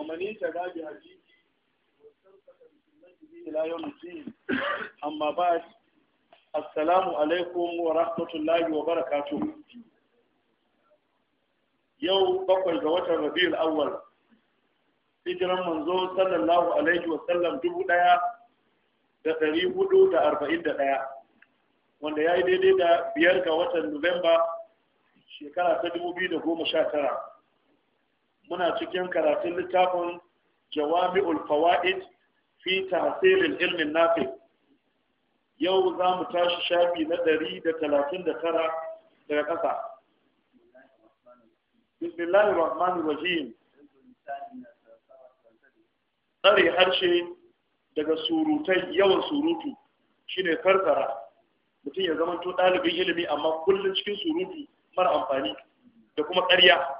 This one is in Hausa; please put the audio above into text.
ومن اهتدى بهديه واستمسك بسنته الى يوم الدين اما بعد السلام عليكم ورحمه الله وبركاته yau bakwai ga watan rabiul awwal hijiran manzo sallallahu alaihi wa sallam dubu daya da dari hudu da arba'in da ɗaya, wanda ya yi daidai da biyar ga watan nuwamba shekara ta dubu biyu da goma sha tara muna cikin karatun littafin jawami'ul fawaid fi tasirin ilmin nafi yau za mu tashi shafi na 139 daga ƙasa bismillahir rahmanir rahim tsare harshe daga surutai yawan surutu shine karkara mutum ya zama to ɗalibin ilimi amma kullum cikin surutu mara amfani da kuma ƙarya